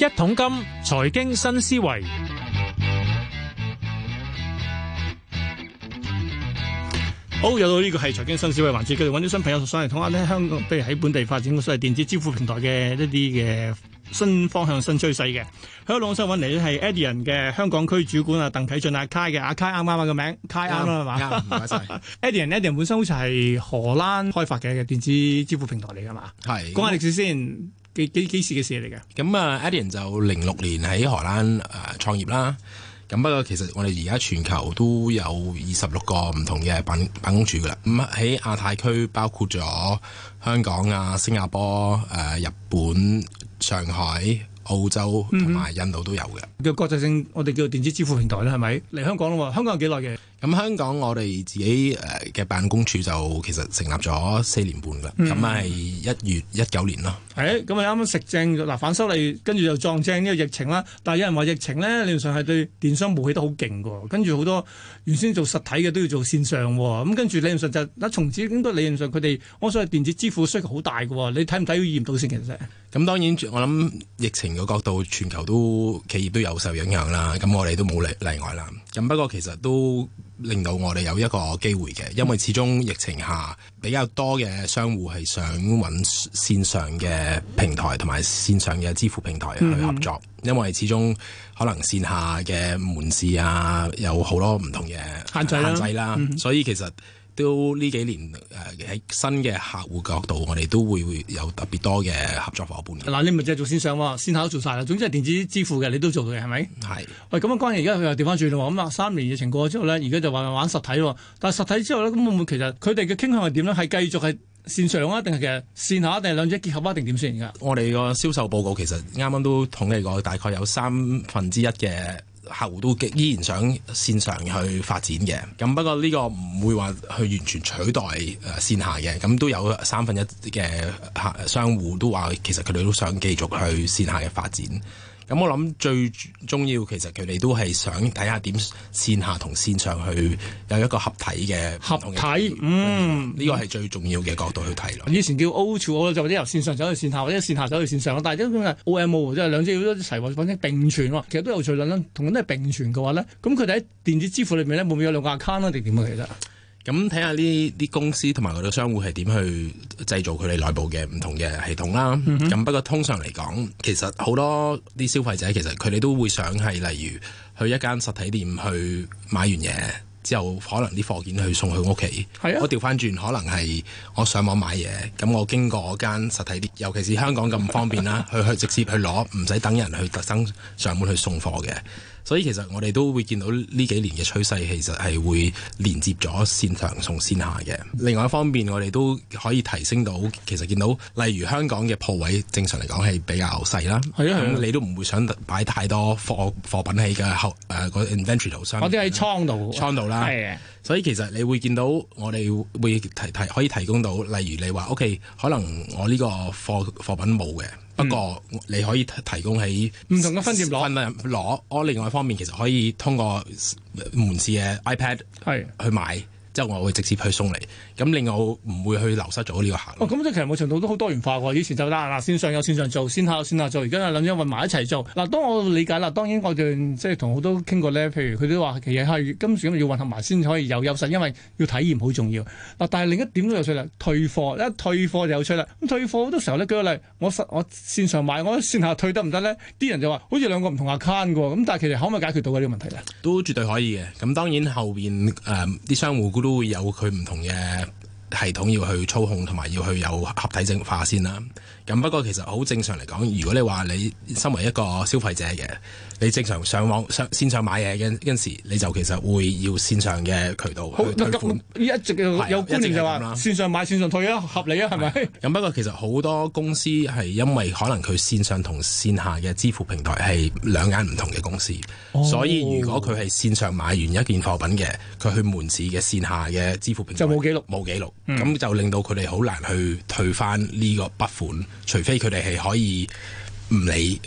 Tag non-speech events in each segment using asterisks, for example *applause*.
一桶金財經新思維，好，有到呢個係財經新思維環節，佢哋揾啲新朋友上嚟，同我咧香港，譬如喺本地發展嘅所謂電子支付平台嘅一啲嘅新方向、新趨勢嘅。香港新揾嚟咧係 Adyen 嘅香港區主管啊，鄧啟俊阿 Kay 嘅阿 Kay 啱啱啊個名 Kay 啱啦係嘛？唔該晒，Adyen Adyen 本身好似係荷蘭開發嘅嘅電子支付平台嚟噶嘛？係講下歷史先。幾幾幾時嘅事嚟㗎？咁啊，Adyen 就零六年喺荷蘭誒、呃、創業啦。咁不過其實我哋而家全球都有二十六個唔同嘅辦辦公處㗎啦。咁喺亞太區包括咗香港啊、新加坡、誒、呃、日本、上海、澳洲同埋印度都有嘅。叫、嗯、哼國際性，我哋叫電子支付平台咧，係咪嚟香港啦？香港有幾耐嘅？咁香港我哋自己誒嘅辦公處就其實成立咗四年半㗎，咁係一月一九年咯。係、嗯，咁啊啱啱食正嗱反修例，跟住就撞正呢個疫情啦。但係有人話疫情呢，理論上係對電商武器都好勁嘅。跟住好多原先做實體嘅都要做線上喎。咁跟住理論上就是，那從此應該理論上佢哋我所謂電子支付需求好大嘅。你睇唔睇到驗到先其實？咁當然，我諗疫情嘅角度，全球都企業都有受影響啦。咁我哋都冇例例外啦。咁不過其實都。令到我哋有一個機會嘅，因為始終疫情下比較多嘅商戶係想揾線上嘅平台同埋線上嘅支付平台去合作，嗯、因為始終可能線下嘅門市啊有好多唔同嘅限、限制啦，嗯、所以其實。都呢幾年誒喺、呃、新嘅客戶角度，我哋都會會有特別多嘅合作伙伴。嗱、啊，你咪係淨係做線上喎，線下都做晒啦。總之係電子支付嘅，你都做嘅係咪？係。是喂，咁啊，關鍵而家佢又調返轉咯。咁啊，三年疫情過咗之後呢，而家就話玩實體。但係實體之後呢，咁會唔會其實佢哋嘅傾向係點呢？係繼續係線上啊，定係其實線下，定係兩者結合一定點算㗎？我哋個銷售報告其實啱啱都統計過，大概有三分之一嘅。客戶都依然想線上去發展嘅，咁不過呢個唔會話去完全取代誒線下嘅，咁都有三分一嘅客商戶都話，其實佢哋都想繼續去線下嘅發展。咁我諗最重要，其實佢哋都係想睇下點線下同線上去有一個合體嘅合體，嗯，呢、嗯、個係最重要嘅角度去睇咯。嗯嗯、以前叫 O2O 啦，就或者由線上走去線下，或者線下走去線上，但係都係 OMO，即係兩者都一齊或者反正並存咯。其實都有趣論啦。同咁都係並存嘅話咧，咁佢哋喺電子支付裏面咧，會唔會有兩個 account 咧，定點啊？其實、嗯？咁睇下呢啲公司同埋佢哋商戶係點去製造佢哋內部嘅唔同嘅系統啦。咁、嗯、哼不過通常嚟講，其實好多啲消費者其實佢哋都會想係例如去一間實體店去買完嘢之後可去去，啊，可能啲貨件去送去屋企。係啊，我調返轉可能係我上網買嘢，咁我經過嗰間實體店，尤其是香港咁方便啦，去 *laughs* 去直接去攞，唔使等人去特登上門去送貨嘅。所以其實我哋都會見到呢幾年嘅趨勢，其實係會連接咗線上同線下嘅。另外一方面，我哋都可以提升到，其實見到，例如香港嘅鋪位，正常嚟講係比較細啦，咁你都唔會想擺太多貨貨品喺嘅後誒嗰 inventory 上。我啲喺倉度，倉度啦。所以其實你會見到我哋會提提可以提供到，例如你話 OK，可能我呢個貨貨品冇嘅，嗯、不過你可以提供喺唔同嘅分店攞攞。我另外一方面其實可以通過門市嘅 iPad 係去買。我會直接去送嚟，咁另外我唔會去流失咗呢個客。哦，咁即係其實冇程度都好多元化喎。以前就得嗱線上有線上做，線下有線下做，而家啊諗住混埋一齊做。嗱，當我理解啦，當然我哋即係同好多傾過咧，譬如佢都話其實係今時今日要混合埋先可以有優勢，因為要體驗好重要。嗱，但係另一點都有趣啦，退貨一退貨就有趣啦。咁退貨好多時候咧舉個例，我我線上買，我線下退得唔得咧？啲人就話好似兩個唔同 account 嘅喎。咁但係其實可唔可以解決到呢個問題咧？都絕對可以嘅。咁當然後邊誒啲商戶都會有佢唔同嘅系統，要去操控，同埋要去有合體淨化先啦。咁不過其實好正常嚟講，如果你話你身為一個消費者嘅，你正常上網上線上買嘢嘅嗰陣時，你就其實會要線上嘅渠道去退款。一直有觀念就話線上買線上退啦，合理啊，係咪？咁不過其實好多公司係因為可能佢線上同線下嘅支付平台係兩間唔同嘅公司，哦、所以如果佢係線上買完一件貨品嘅，佢去門市嘅線下嘅支付平台就冇記錄，冇記錄，咁、嗯、就令到佢哋好難去退翻呢個筆款。除非佢哋係可以唔理。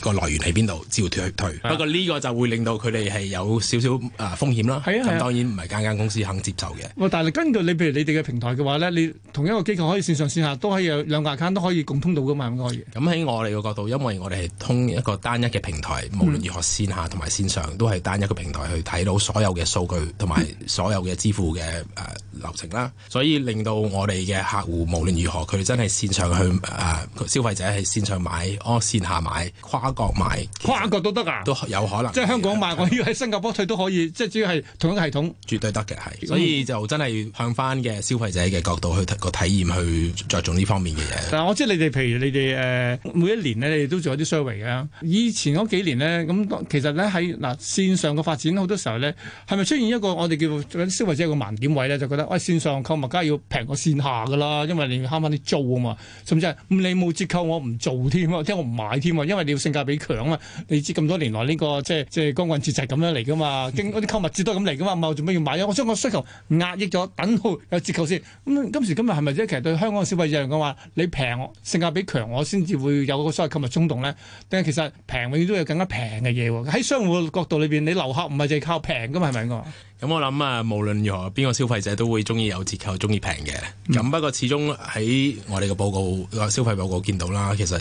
個來源喺邊度？只要退不過呢個就會令到佢哋係有少少、呃、風險啊風險啦。咁當然唔係間間公司肯接受嘅，啊啊。但係根據你譬如你哋嘅平台嘅話呢，你同一個機構可以線上線下都可以有兩個 account 都可以共通到噶嘛。咁喺我哋嘅角度，因為我哋係通一個單一嘅平台，無論如何線下同埋線上都係單一個平台去睇到所有嘅數據同埋所有嘅支付嘅誒、呃嗯、流程啦。所以令到我哋嘅客戶，無論如何佢真係線上去誒、呃、消費者係線上買，哦，線下買。跨國買，跨國都得啊，都有可能。即係香港買，對我要喺新加坡退都可以，即係主要係同一個系統，絕對得嘅係。所以就真係向翻嘅消費者嘅角度去個、嗯、體驗，去着重呢方面嘅嘢。但係我知你哋，譬如你哋誒、呃、每一年咧，你哋都做一啲 survey 啊。以前嗰幾年呢，咁其實咧喺嗱線上嘅發展好多時候呢，係咪出現一個我哋叫做消費者個盲點位呢？就覺得喂、哎、線上購物梗係要平過線下㗎啦，因為你要慳翻啲租啊嘛，甚至係、嗯、你冇折扣我唔做添啊，即我唔買添啊，因為你要性價比強啊！你知咁多年來呢、呢個即係即係光棍節就係咁樣嚟噶嘛？經嗰啲購物節都係咁嚟噶嘛？唔做乜要買啊？我想個需求壓抑咗，等好有折扣先。咁、嗯、今時今日係咪即係其實對香港消費者嚟講話，你平性價比強，我先至會有個所謂購物衝動咧？定係其實平永遠都有更加平嘅嘢喎？喺商戶角度裏邊，你留客唔係淨係靠平噶嘛？係咪啊？咁、嗯、我諗啊，無論如何，邊個消費者都會中意有折扣、中意平嘅。咁、嗯、不過始終喺我哋嘅報告個消費報告見到啦，其實。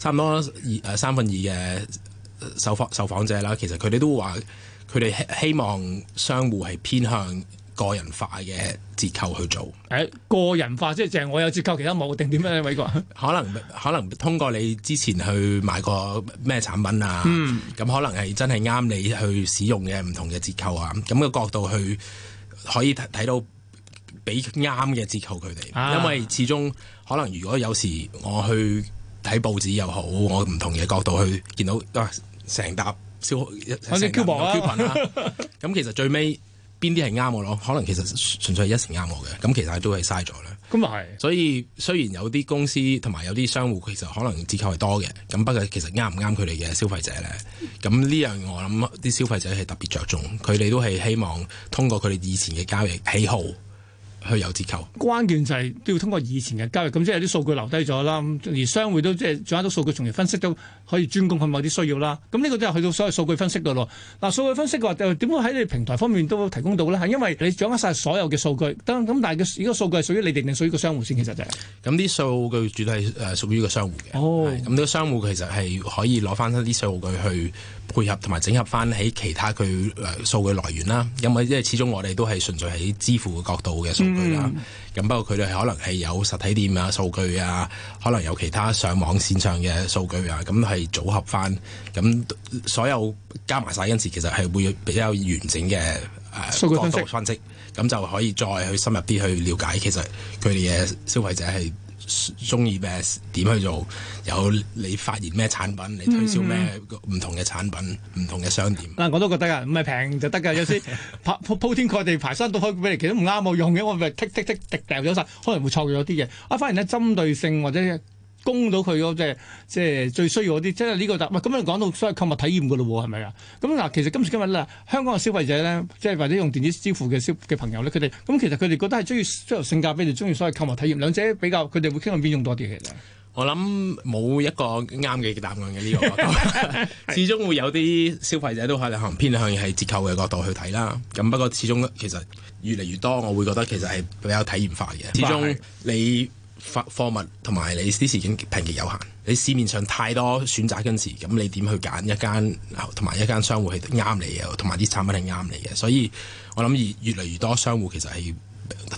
差唔多二誒三分二嘅受訪受訪者啦，其實佢哋都話佢哋希望商戶係偏向個人化嘅折扣去做。誒、哎、個人化即係淨係我有折扣，其他冇，定點樣美國 *laughs* 可能可能通過你之前去買過咩產品啊，咁、嗯、可能係真係啱你去使用嘅唔同嘅折扣啊，咁個角度去可以睇到俾啱嘅折扣佢哋，啊、因為始終可能如果有時我去。睇報紙又好，我唔同嘅角度去見到都成沓消一成嘅 coupon 啦。咁其實最尾邊啲係啱我咯，可能其實純粹係一成啱我嘅，咁其實都係嘥咗啦。咁又係。所以雖然有啲公司同埋有啲商戶其實可能折扣係多嘅，咁不過其實啱唔啱佢哋嘅消費者咧？咁呢樣我諗啲消費者係特別着重，佢哋都係希望通過佢哋以前嘅交易喜好。去有折扣，關鍵就係都要通過以前嘅交易，咁即係啲數據留低咗啦。而商戶都即係掌握到數據，從而分析都可以專攻佢某啲需要啦。咁呢個都係去到所謂數據分析嘅咯。嗱、啊，數據分析嘅話，就點解喺你平台方面都提供到呢？係因為你掌握晒所有嘅數據。得咁，但係呢依個數據係屬於你哋定屬於個商戶先？其實就係咁啲數據，主要係誒屬於個商戶嘅。哦，呢個商戶其實係可以攞翻啲數據去。配合同埋整合翻喺其他佢誒、呃、數據來源啦，因為因為始終我哋都係純粹喺支付嘅角度嘅數據啦。咁、嗯、不過佢哋可能係有實體店啊，數據啊，可能有其他上網，線上嘅數據啊，咁、嗯、係組合翻，咁、嗯、所有加埋晒陣時其實係會比較完整嘅誒、呃、數據分析，咁就可以再去深入啲去了解，其實佢哋嘅消費者係。中意咩點去做？有你發現咩產品？你推銷咩唔同嘅產品？唔、嗯、同嘅商店。嗱、啊，我都覺得啊，唔係平就得㗎，有時鋪鋪 *laughs* 天蓋地排山倒海俾你，其實都唔啱我用嘅，我咪剔剔剔掉咗晒，可能會錯咗啲嘢。啊，反而咧，針對性或者，供到佢嗰，即係即係最需要嗰啲，即係呢個答喂，咁、啊、樣講到所謂購物體驗嘅咯喎，係咪啊？咁、嗯、嗱，其實今時今日咧，香港嘅消費者咧，即係或者用電子支付嘅消嘅朋友咧，佢哋咁其實佢哋覺得係中意即係性價比定中意所謂購物體驗，兩者比較，佢哋會傾向邊種多啲其實咧？我諗冇一個啱嘅答案嘅呢、呢個， *laughs* 始終會有啲消費者都可能偏向係折扣嘅角度去睇啦。咁不過始終其實越嚟越多，我會覺得其實係比較體驗化嘅。始終你。 *laughs* 貨物同埋你啲時間平極有限，你市面上太多選擇嗰陣時，咁你點去揀一間同埋一間商戶係啱你嘅，同埋啲產品係啱你嘅，所以我諗越越嚟越多商戶其實係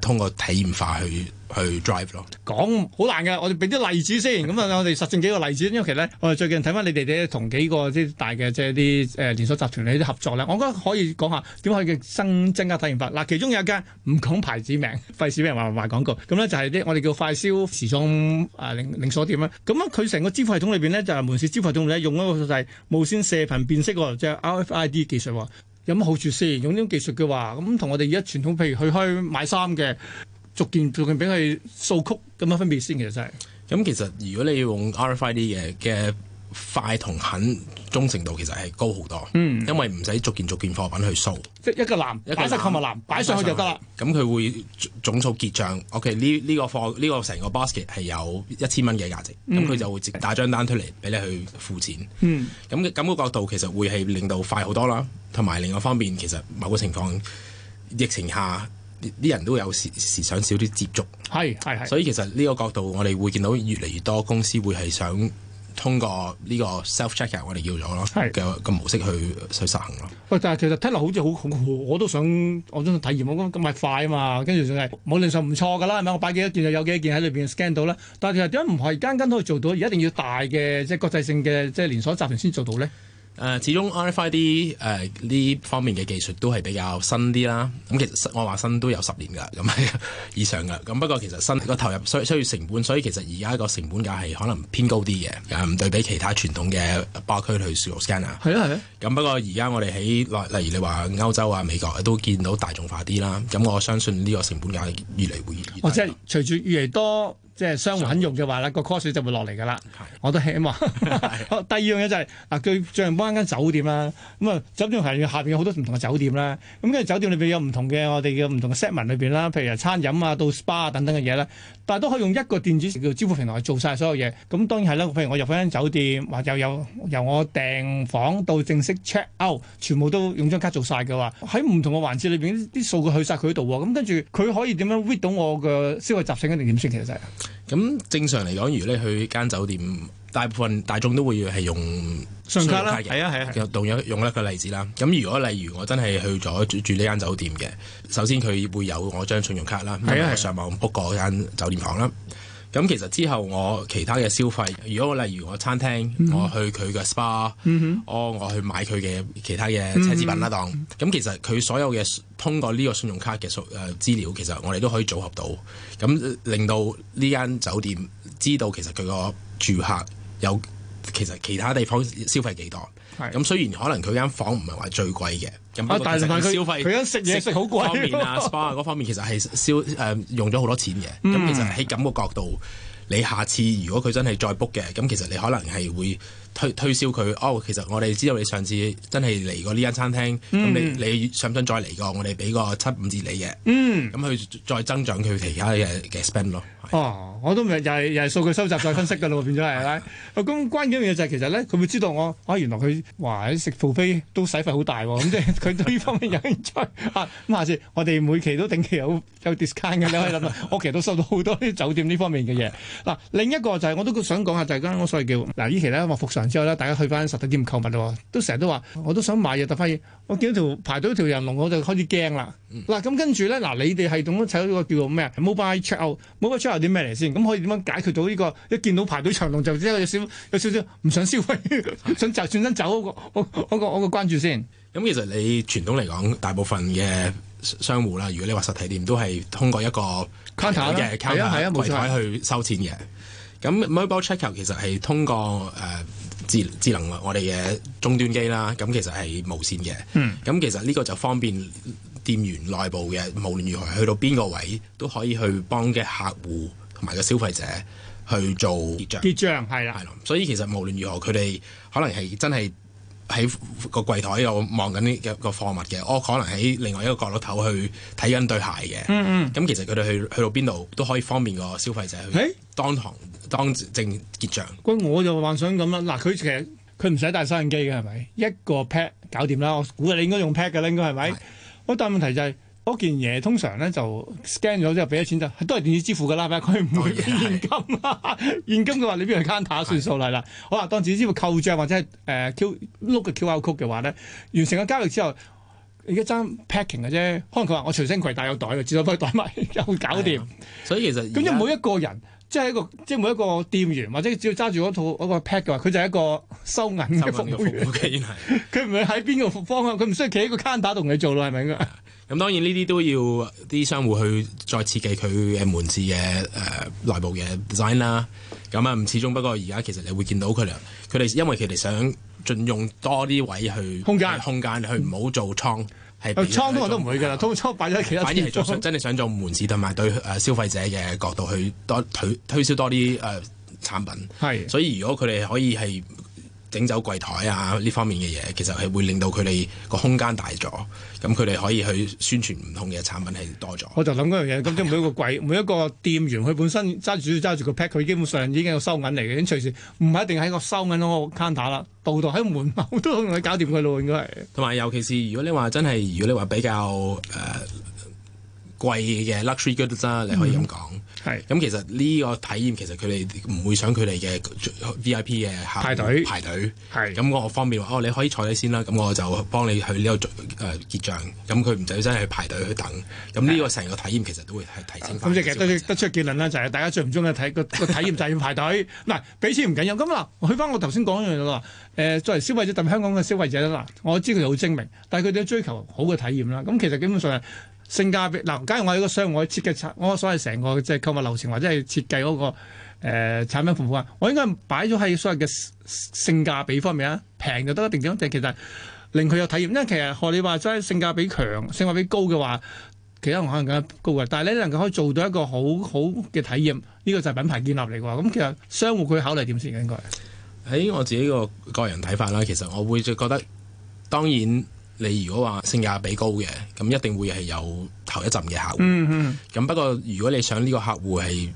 通過體驗化去。去 drive 咯，講好難㗎，我哋俾啲例子先，咁啊，我哋實證幾個例子。因為其實呢我哋最近睇翻你哋啲同幾個即大嘅即係啲誒連鎖集團嚟啲合作咧，我覺得可以講下點可以增增加體驗法。嗱，其中有一間唔講牌子名，費事俾人話賣廣告。咁咧就係啲我哋叫快消時裝誒、啊、零連鎖店啦。咁佢成個支付系統裏邊呢，就係、是、門市支付系統咧用一個就係、是、無線射頻辨識，即係 RFID 技術。有乜好處先？用呢種技術嘅話，咁同我哋而家傳統，譬如去開買衫嘅。逐件逐件俾佢掃曲，咁樣分別先其嘅，真係。咁其實如果你要用 RFID 啲嘢嘅快同肯忠誠度其實係高好多，嗯、因為唔使逐件逐件貨品去掃，即一個籃，個籃擺曬購物籃擺上去就得啦。咁佢、嗯、會總數結帳、嗯、OK，呢呢個貨呢、呢個成個 basket 係有一千蚊嘅價值，咁佢、嗯嗯、就會直接打張單出嚟俾你去付錢，嗯，咁咁、嗯、個角度其實會係令到快好多啦。同埋另外方面，其實某個情況疫情下。啲人都有時時想少啲接觸，係係係，所以其實呢個角度我哋會見到越嚟越多公司會係想通過呢個 self-checker 我哋叫做咯，嘅個模式去去實行咯是。喂，但係其實聽落好似好恐怖，我都想我都想體驗，咁咁咪快啊嘛，跟住就係冇零售唔錯㗎啦，係咪？我擺幾多件就有幾多件喺裏邊 scan 到啦。但係其實點解唔係間間都可以做到？而一定要大嘅即係國際性嘅即係連鎖集團先做到咧？誒，始終 RFID 誒、呃、呢方面嘅技術都係比較新啲啦。咁其實我話新都有十年㗎，咁以上㗎。咁不過其實新個投入需需要成本，所以其實而家個成本價係可能偏高啲嘅，唔對比其他傳統嘅包區去掃 scan 啊，e 係啊係啊。咁、啊、不過而家我哋喺例如你話歐洲啊、美國都見到大眾化啲啦。咁我相信呢個成本價係越嚟會越。越即係隨住越嚟多。即係相互運用嘅話咧，個 cost 就會落嚟㗎啦。 *music* 我都希望。 *laughs* 第二樣嘢就係、是、嗱，佢最近幫一間酒店啦，咁、嗯、啊酒店行業下邊有好多唔同嘅酒店啦，咁跟住酒店裏邊有唔同嘅我哋嘅唔同嘅 segment 裏邊啦，譬如誒餐飲啊、到 SPA 等等嘅嘢啦，但係都可以用一個電子支付平台去做晒所有嘢。咁、嗯、當然係啦，譬如我入翻間酒店，話又有由我訂房到正式 check out，全部都用張卡做晒嘅話，喺唔同嘅環節裏邊啲數據去晒佢度喎。咁跟住佢可以點樣 read 到我嘅消費習性，定點算？其實就係、是？咁正常嚟講，如果你去間酒店，大部分大眾都會係用信用，信用卡啦，係啊，係啊，其實用一用一個例子啦。咁如果例如我真係去咗住呢間酒店嘅，首先佢會有我張信用卡、啊、啦，咁係上網 book 嗰間酒店房啦。咁其實之後我其他嘅消費，如果我例如我餐廳，mm hmm. 我去佢嘅 SPA，我我去買佢嘅其他嘅奢侈品啦當，咁、mm hmm. 其實佢所有嘅通過呢個信用卡嘅數誒資料，其實我哋都可以組合到，咁令到呢間酒店知道其實佢個住客有其實其他地方消費幾多。咁雖然可能佢間房唔係話最貴嘅，咁、啊、但係佢佢間食嘢食好貴啊，spa 嗰方， *laughs* 方面其實係消誒用咗好多錢嘅。咁、嗯、其實喺咁個角度，你下次如果佢真係再 book 嘅，咁其實你可能係會。推推銷佢哦，其實我哋知道你上次真係嚟過呢間餐廳，咁你你想唔想再嚟過？我哋俾個七五折你嘅，咁佢再增長佢其他嘅嘅 spend 咯。哦，我都咪又係又係數據收集再分析嘅咯，變咗係啦。咁關鍵嘅嘢就係其實咧，佢會知道我，原來佢哇喺食 buffet 都使費好大喎，咁即係佢對呢方面有興趣。咁下次我哋每期都定期有有 discount 嘅，你可以諗下。我其實都收到好多啲酒店呢方面嘅嘢。嗱，另一個就係我都想講下就係我所謂叫嗱，呢期咧之後咧，大家去翻實體店購物咯，都成日都話，我都想買嘢，但發現我，我見到條排到條人龍，我就開始驚啦。嗱、嗯啊，咁跟住咧，嗱、啊，你哋係點樣睇到個叫做咩啊？Mobile Checkout，Mobile Checkout 點咩嚟先？咁可以點樣解決到呢個一見到排隊長龍就即係有少有少少唔想消費，想就轉身走嗰個嗰個關注先？咁其實你傳統嚟講，大部分嘅商戶啦，如果你話實體店都係通過一個 counter 嘅櫃台去收錢嘅。咁 Mobile Checkout 其實係通過誒。智智能我哋嘅終端機啦，咁其實係無線嘅，咁、嗯、其實呢個就方便店員內部嘅，無論如何去到邊個位都可以去幫嘅客戶同埋個消費者去做結帳。結帳係啦，係咯，所以其實無論如何，佢哋可能係真係。喺個櫃台度望緊啲個貨物嘅，我、哦、可能喺另外一個角落頭去睇緊對鞋嘅。嗯嗯，咁、嗯嗯、其實佢哋去去到邊度都可以方便個消費者去。誒、欸，當堂當正，正結帳。喂，我就幻想咁啦。嗱，佢其實佢唔使帶收銀機嘅係咪？一個 pad 搞掂啦。我估你應該用 pad 嘅，應該係咪？是我但問題就係、是。嗰件嘢通常咧就 scan 咗之後俾咗錢就都係電子支付嘅啦，佢唔會俾現金啦。現金嘅話，你邊個 counter 算數嚟啦？我話 *laughs* 的當自己支付扣帳或者係誒、呃、Q 碌嘅 QR code 嘅話咧，完成咗交易之後，而家爭 packing 嘅啫。可能佢話我隨身攜帶有袋嘅自來費袋，咪 *laughs* 又搞掂定。所以其實咁即係每一個人即係、就是、一個、就是、一個即係每一個店員或者只要揸住嗰套嗰個 pack 嘅話，佢就係一個收銀嘅服務員。佢唔係喺邊個方向？佢唔需要企喺個 counter 同你做咯，係咪 *laughs* 咁、嗯、當然呢啲都要啲商戶去再設計佢嘅門市嘅誒內部嘅 design 啦。咁、嗯、啊，唔始終不過而家其實你會見到佢哋，佢哋因為佢哋想盡用多啲位去空間空間去唔好做倉，係、嗯、倉都常都唔會㗎啦、呃。通常擺咗其他，反而係做真係想做門市同埋對誒、呃、消費者嘅角度去多推推，推銷多啲誒、呃、產品。係的，所以如果佢哋可以係。整走櫃台啊！呢方面嘅嘢，其實係會令到佢哋個空間大咗，咁佢哋可以去宣傳唔同嘅產品係多咗。我就諗嗰樣嘢，咁即每一個櫃，每一個店員，佢本身揸住揸住個 pack，佢基本上已經有收銀嚟嘅，已經隨時唔係一定喺個收銀嗰個 counter 啦，度度喺門口都可能去搞掂佢咯，應該係。同埋尤其是如果你話真係，如果你話比較誒。呃貴嘅 luxury goods 啦，你可以咁講。係咁，其實呢個體驗其實佢哋唔會想佢哋嘅 V I P 嘅客排隊排隊。係咁，我方便話哦，你可以坐低先啦。咁我就幫你去呢度誒結帳。咁佢唔使真係去排隊去等。咁呢個成個體驗其實都會提升翻。咁即得出得出結論啦，就係大家最唔中意睇個個體驗就要排隊。嗱，俾錢唔緊要。咁嗱，去翻我頭先講一樣嘢啦。誒，作為消費者特別香港嘅消費者啦，我知佢哋好精明，但係佢哋追求好嘅體驗啦。咁其實基本上係。性價比嗱，假如我係一個商戶，我設計，我所謂成個即係購物流程或者係設計嗰、那個誒、呃、產品服務啊，我應該擺咗喺所謂嘅性價比方面啊，平就得一定點，定其實令佢有體驗。因為其實學你話齋，性價比強、性價比高嘅話，其他人可能更加高嘅。但係你能夠可以做到一個好好嘅體驗，呢、這個就係品牌建立嚟嘅話，咁其實商戶佢考慮點先嘅應該喺我自己個個人睇法啦。其實我會就覺得，當然。你如果話性價比高嘅，咁一定會係有頭一陣嘅客戶。咁、嗯嗯、不過如果你想呢個客戶係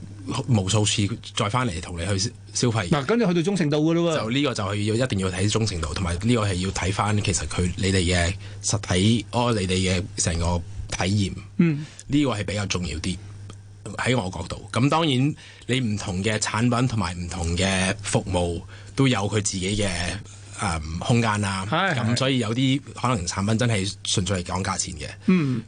無數次再翻嚟同你去消費，嗱、嗯，跟住去到忠誠度嘅啦喎。就呢個就係要一定要睇忠誠度，同埋呢個係要睇翻其實佢你哋嘅實體，哦，你哋嘅成個體驗。呢、嗯、個係比較重要啲喺我角度。咁當然你唔同嘅產品同埋唔同嘅服務都有佢自己嘅。誒空間啊，咁所以有啲可能產品真係純粹係講價錢嘅。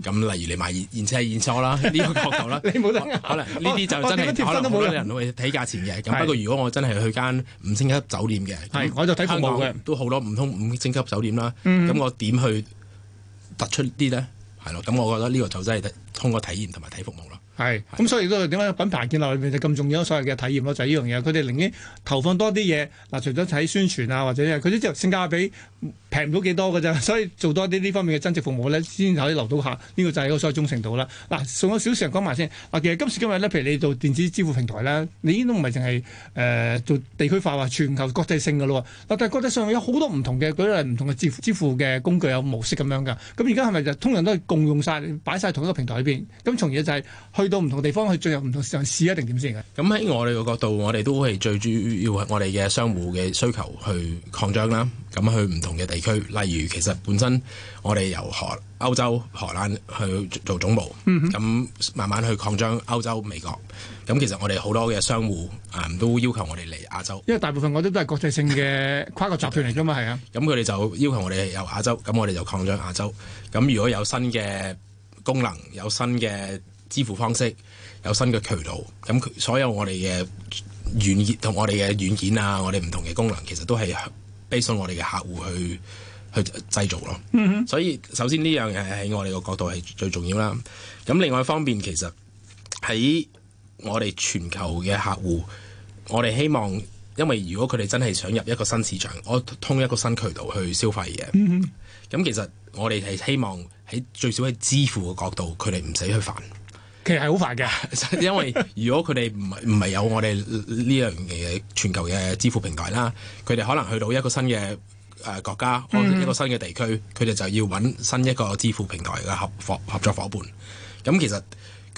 咁例如你買現車現貨啦，呢個角度啦，你冇可能呢啲就真係好多人都會睇價錢嘅。咁不過如果我真係去間五星級酒店嘅，我就睇服務嘅，都好多唔同五星級酒店啦。咁我點去突出啲咧？係咯，咁我覺得呢個就真係通過體驗同埋睇服務啦。係，咁、嗯、所以都係點解品牌建立裏面就咁重要，所有嘅體驗咯，就係呢樣嘢。佢哋寧願投放多啲嘢，嗱除咗睇宣傳啊，或者佢啲即係性價比平唔到幾多嘅啫。所以做多啲呢方面嘅增值服務咧，先可以留到客。呢、這個就係嗰個所謂忠誠度啦。嗱，仲有少少時間講埋先。嗱，其實今時今日咧，譬如你做電子支付平台咧，你已經都唔係淨係誒做地區化或全球國際性嘅咯。但係國際上有好多唔同嘅嗰啲係唔同嘅支付支付嘅工具有模式咁樣㗎。咁而家係咪就是、通常都係共用晒，擺晒同一個平台裏邊？咁從而就係去。到唔同地方去進入唔同市場一定點先啊？咁喺我哋嘅角度，我哋都係最主要係我哋嘅商戶嘅需求去擴張啦。咁去唔同嘅地區，例如其實本身我哋由歐洲荷歐洲荷蘭去做總部，咁慢慢去擴張歐洲、美國。咁其實我哋好多嘅商戶啊，都要求我哋嚟亞洲，因為大部分我哋都係國際性嘅跨國集團嚟噶嘛，係啊 *laughs* 咁佢哋就要求我哋由亞洲，咁我哋就擴張亞洲。咁如果有新嘅功能，有新嘅。支付方式有新嘅渠道，咁佢所有我哋嘅軟件同我哋嘅軟件啊，我哋唔同嘅功能，其實都係 base on 我哋嘅客戶去去製造咯。Mm hmm. 所以首先呢樣嘢喺我哋嘅角度係最重要啦。咁另外一方面，其實喺我哋全球嘅客戶，我哋希望，因為如果佢哋真係想入一個新市場，我通一個新渠道去消費嘅，咁、mm hmm. 其實我哋係希望喺最少喺支付嘅角度，佢哋唔使去煩。其實係好煩㗎，因為如果佢哋唔係唔係有我哋呢樣嘢全球嘅支付平台啦，佢哋可能去到一個新嘅誒、呃、國家，一個新嘅地區，佢哋就要揾新一個支付平台嘅合夥合作夥伴，咁其實。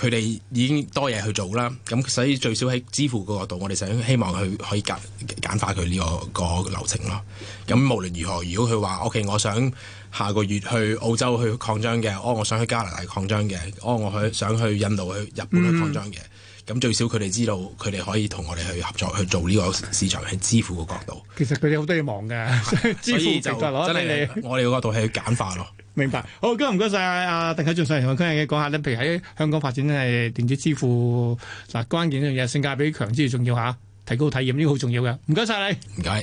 佢哋已經多嘢去做啦，咁所以最少喺支付個度，我哋想希望佢可以簡簡化佢呢個、嗰個流程咯。咁無論如何，如果佢話 OK，我想下個月去澳洲去擴張嘅，哦，我想去加拿大擴張嘅，哦，我去想去印度去日本去擴張嘅。嗯。咁最少佢哋知道，佢哋可以同我哋去合作去做呢個市場喺支付嘅角度。其實佢哋好多嘢忙嘅，所以支付 *laughs* 所以就真係我哋嗰角度係簡化咯。 *laughs* 明白。好，今日唔該晒。阿、啊、阿鄧啟俊，上嚟同我傾下講下咧，譬如喺香港發展係電子支付，嗱、啊、關鍵樣嘢，性價比強之餘重要嚇、啊，提高體驗呢個好重要嘅。唔該晒你。唔該。